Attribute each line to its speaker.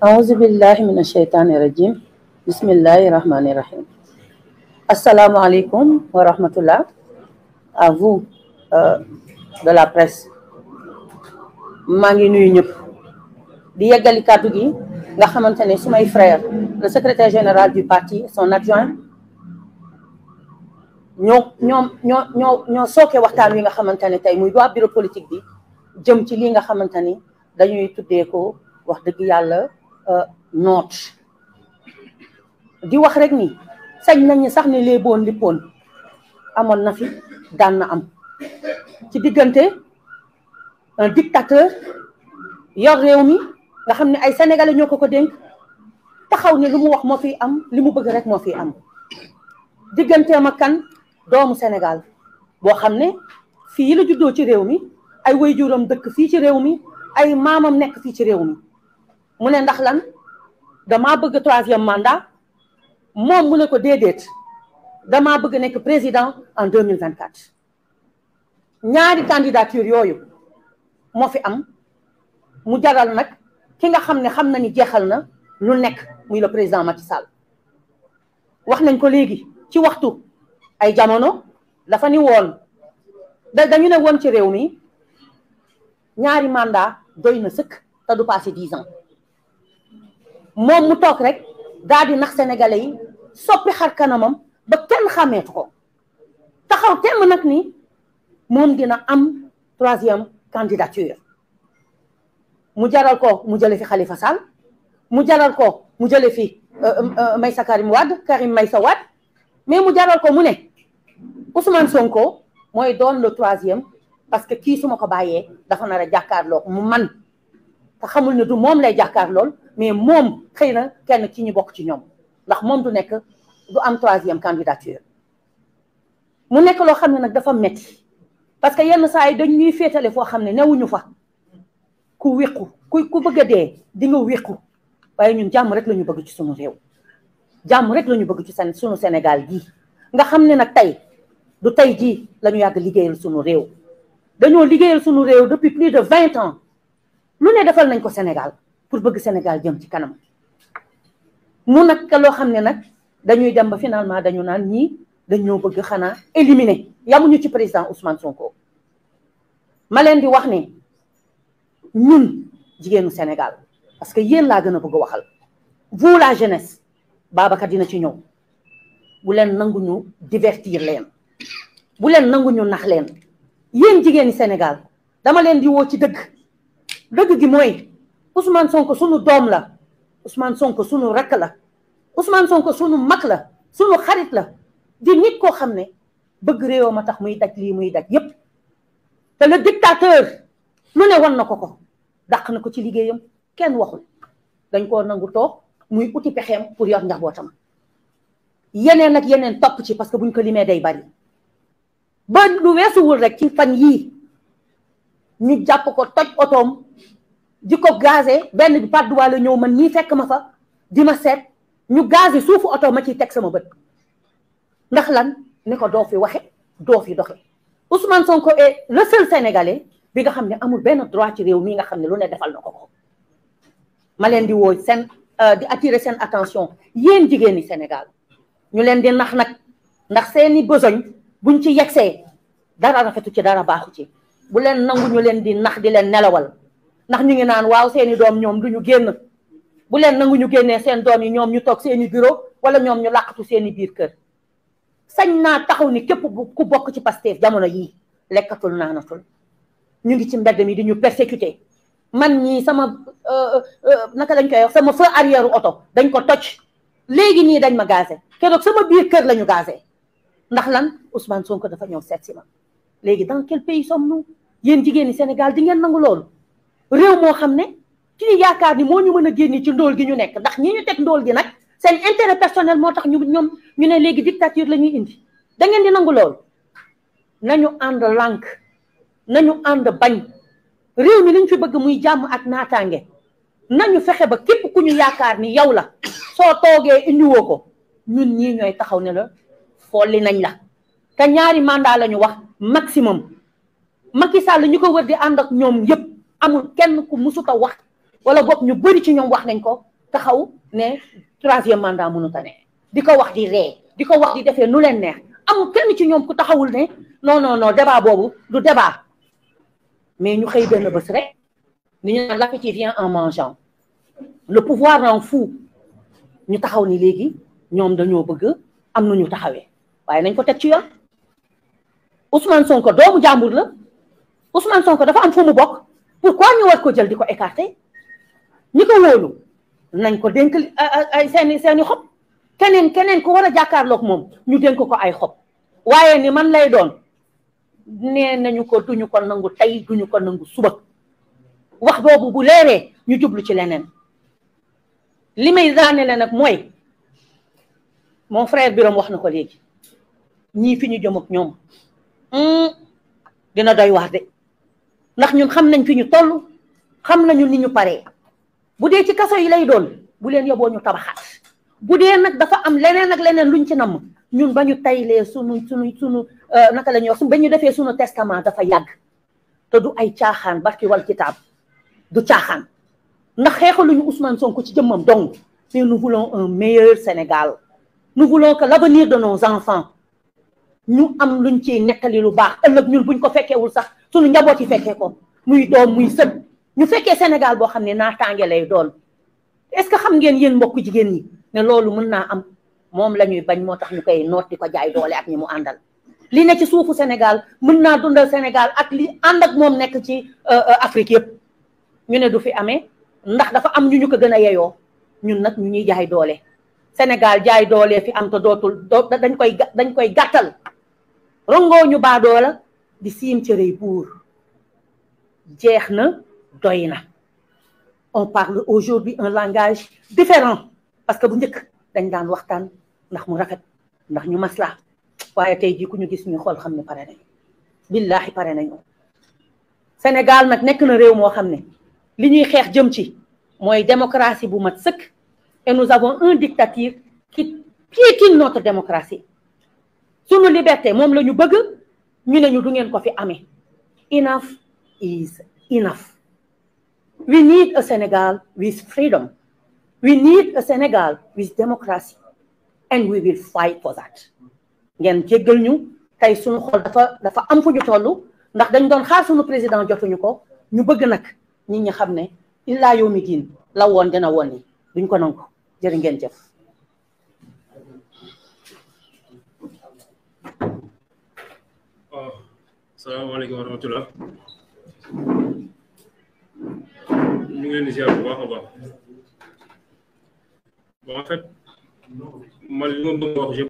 Speaker 1: aousubillahi min asheytaani rajim bismillahi rahmani rahim asalaamaaleykum wa rahmatullah à vous euh, de la presse maa ngi nuyu ñëpp di yeggali kàddu gi nga xamante ne sumay frère le secrétaire général du parti son adjoint ñoo ñoo ñoo ñoo sooke waxtaan wi nga xamante ne tey muy doit bureau politique bi jëm ci li nga xamante ni dañuy tuddee wax dëgg yàlla Euh, noot di wax rek ni sañ nañu sax ni léeboon lippoon amoon na fi daan na am ci diggante un dictateur yor réew mi nga xam ne ay sénégalais ñoo ko ko taxaw ne lu wax moo fi am li mu bëgg rek moo fi am digganteem ak kan doomu Sénégal boo xam ne fii la juddoo ci réew mi ay waajuram dëkk fii ci réew mi ay maamam nekk fii ci réew mi mu ne ndax lan damaa bëgg troisième mandat moom mu ne ko déedéet damaa bëgg nekk président en 2024 ñaari candidature yooyu moo fi am mu jaral nag ki nga xam ne xam na ni jeexal na lu nekk muy la président Macky Sall wax nañ ko léegi ci waxtu ay jamono dafa ni woon da dañu ne woon ci réew mi ñaari mandat doy na sëkk te du passé ans moom mu toog rek daal di nax sénégalais yi soppi xar kanamam ba kenn xàmmeetu ko taxaw temm nag ni moom dina am troisième candidature mu jaral ko mu jële fi Khalifa Sall mu jaral ko mu jële fi euh, euh, euh, sa Karim Wade Karim Maysa Wade mais mu jaral ko mu ne Ousmane Sonko mooy doon le troisième parce que kii su ma ko bàyyee dafa nar a jàkkaarloo mu man te xamul ne du moom lay jàkkaar lool mais moom xëy na kenn ci ñu bokk ci ñoom ndax moom du nekk du am troisième candidature mu nekk loo xam ne nag dafa metti parce que yenn saa yi dañuy féetale foo xam ne newuñu fa ku wéqu ku ku bëgg a dee di nga wéqu waaye ñun jàmm rek la ñu bëgg ci sunu réew jàmm rek la ñu bëgg ci seen sunu Sénégal gii nga xam ne nag tey du tey jii la ñu yàgg liggéeyal sunu réew dañoo liggéeyal sunu réew depuis plus de vingt ans lu ne defal nañ ko Sénégal pour bëgg Sénégal jëm ci kanam mu nag loo xam ne nag dañuy dem ba finalement dañu naan ñii dañoo bëgg xanaa éliminer yamuñu ci président Ousmane Sonko ma leen di wax ne ñun jigéenu Sénégal parce que yéen laa gën a waxal vous la jeunesse Babacar dina ci ñëw bu leen nangu ñu divertir leen bu leen nangu ñu nax leen yéen jigéeni Sénégal dama leen di woo ci dëgg dëgg gi mooy Ousmane Sonko sunu doom la Ousmane Sonko sunu rakk la Ousmane Sonko sunu mag la sunu xarit la di nit koo xam ne bëgg réew ma tax muy daj lii muy daj yépp te le dictateur lu ne wan na ko ko dàq na ko ci liggéeyam kenn waxul dañ ko nangu toog muy uti pexeem pour yor njabootam yeneen ak yeneen topp ci parce que buñ ko limee day bari ba lu weesuwul rek ci fan yii ñu jàpp ko toj otoom di ko gazé benn bi pàdduwaa la ñëw man nii fekk ma fa di ma seet ñu gaz gazé suufu otoom ma ci teg sama bët ndax lan ne ko doo fi waxe doo fi doxe Ousmane Sonko est le seul sénégalais bi nga xam ne amul benn droit ci réew mii nga xam ne lu ne defal na ko ko ma leen di woo seen euh, di attirer seen attention yéen jigéen ñi Sénégal ñu leen di nax nag ndax seeni besogne buñ ci yegsee dara rafetu ci dara baaxu ci bu leen nangu ñu leen di nax di leen nelawal ndax ñu ngi naan waaw seeni doom ñoom du ñu génn bu leen nangu ñu génnee seen doom yi ñoom ñu toog seeni bureau wala ñoom ñu làqatu seeni biir kër sañ naa taxaw ni képp ku bokk ci Pastef jamono yii lekkatul naanatul ñu ngi ci mbedd mi di ñu persécuté man ñii sama euh, euh, euh, naka lañ koy wax sama feu arrière oto dañ ko toj léegi nii dañ ma gazé keroog sama biir kër la ñu gazé ndax lan Ousmane Sonko dafa ñëw seet si ma léegi dans quel pays sommes-nous yéen jigéen ñi Sénégal di ngeen nangu loolu réew moo xam ne ki ñu yaakaar ni moo ñu mën a génn ci ndool gi ñu nekk ndax ñi ñu teg ndool gi nag seen intérêt personnel moo tax ñu ñoom ñu ne léegi dictature la ñuy indi da ngeen di nangu loolu nañu ànd lànk nañu ànd bañ réew mi liñ fi bëgg muy jàmm ak naataange nañu fexe ba képp ku ñu yaakaar ni yow la soo toogee indiwoo ko ñun ñii ñooy taxaw ne la folli nañ la te ñaari mandat la ñu wax maximum Macky Sall ñu ko wër di ànd ak ñoom yëpp amul kenn ku musuta wax wala boog ñu bëri ci ñoom wax nañ ko taxaw ne troisième mandat mënuta ne di ko wax di ree di ko wax di defee nu leen neex amul kenn ci ñoom ku taxawul ne non non non débat boobu du débat mais ñu xëy benn bés rek ni ñu naan l'appétit vient en mangeant le pouvoir rend fou ñu taxaw ni léegi ñoom dañoo bëgg am na ñu taxawee waaye nañ ko teg ci yoon Ousmane Sonko doomu jàmbur la Ousmane Sonko dafa am fu mu bokk pourquoi ñu war ko jël di ko écarter ñi ko wóolu nañ ko dénk ay seeni seeni xob keneen keneen ku war a jàkkaarloog moom ñu dénk ko ay xob waaye ni man lay doon nee nañu ko duñu ko nangu tey duñu ko nangu suba wax boobu bu leeree ñu jublu ci leneen li may daanele nag mooy mon frère Birame wax na ko léegi ñii fi ñu jëm ñoom Hmm, dina doy wax de ndax ñun xam nañ fi ñu toll xam nañu ni ñu paree bu dee ci kaso yi lay doon bu leen yoboo ñu tabaxaat bu dee nag dafa am leneen ak leneen luñ ci namm ñun ba ñu taylee sunu sunu sunu euh, naka la ñuy wax ba ñu defee sunu testament dafa yàgg te du ay caaxaan barki wal kitaab du caaxaan ndax lu ñu xeexaluñu Ousmane Sonko ci jëmmam dong mais nous voulons un meilleur Sénégal nous voulons que l'avenir de nos enfants ñu am lu ñu ciy nettali lu baax ëllëg ñun ñu ko fekkeewul sax suñu njaboot yi fekkee ko muy doom muy sët ñu fekkee Sénégal boo xam ne naa lay doon est-ce que xam ngeen yéen mbokku jigéen ñi ne loolu mën naa am moom la ñuy bañ moo tax ñu koy noot di ko jaay doole ak ñi mu àndal. li ne ci suufu Sénégal mun naa dundal Sénégal ak li ànd ak moom nekk ci euh, euh, Afrique yëpp ñu ne du fi amee ndax dafa am ñu ñu ko gën a yeyoo ñun nag ñu ñuy jaay doole Sénégal jaay doole fi am te dootul dañ koy dañ koy gàttal. rongooñu baadoola di siim cërey buur jeex na doy na on parle aujourd'hui un langage différent parce que bu njëkk dañ daan waxtaan ndax mu rafet ndax ñu maslaa waaye tey jii ku ñu gis ñu xool xam ne pare nañu billaahi pare nañu Sénégal nag nekk na réew moo xam ne li ñuy xeex jëm ci mooy démocratie bu mat sëkk et nous avons un dictateur qui piétine notre démocratie sunu liberté moom la ñu bëgg ñu ne ñu du ngeen ko fi amee enough is enough we need a Sénégal with freedom we need a Sénégal with democracy and we will fight for that ngeen jéggal ñu tey suñu xol dafa dafa am fu ñu toll ndax dañ doon xaar suñu président jotuñu ko ñu bëgg nag nit ñi xam ne illaa yow mi la woon dena woon yi duñ ko nangu jërë ngeen jëf salaamaaleykum wa rahmatulah ñu ngi leen di ziar bu baax a baax bon man li ma bëgg wax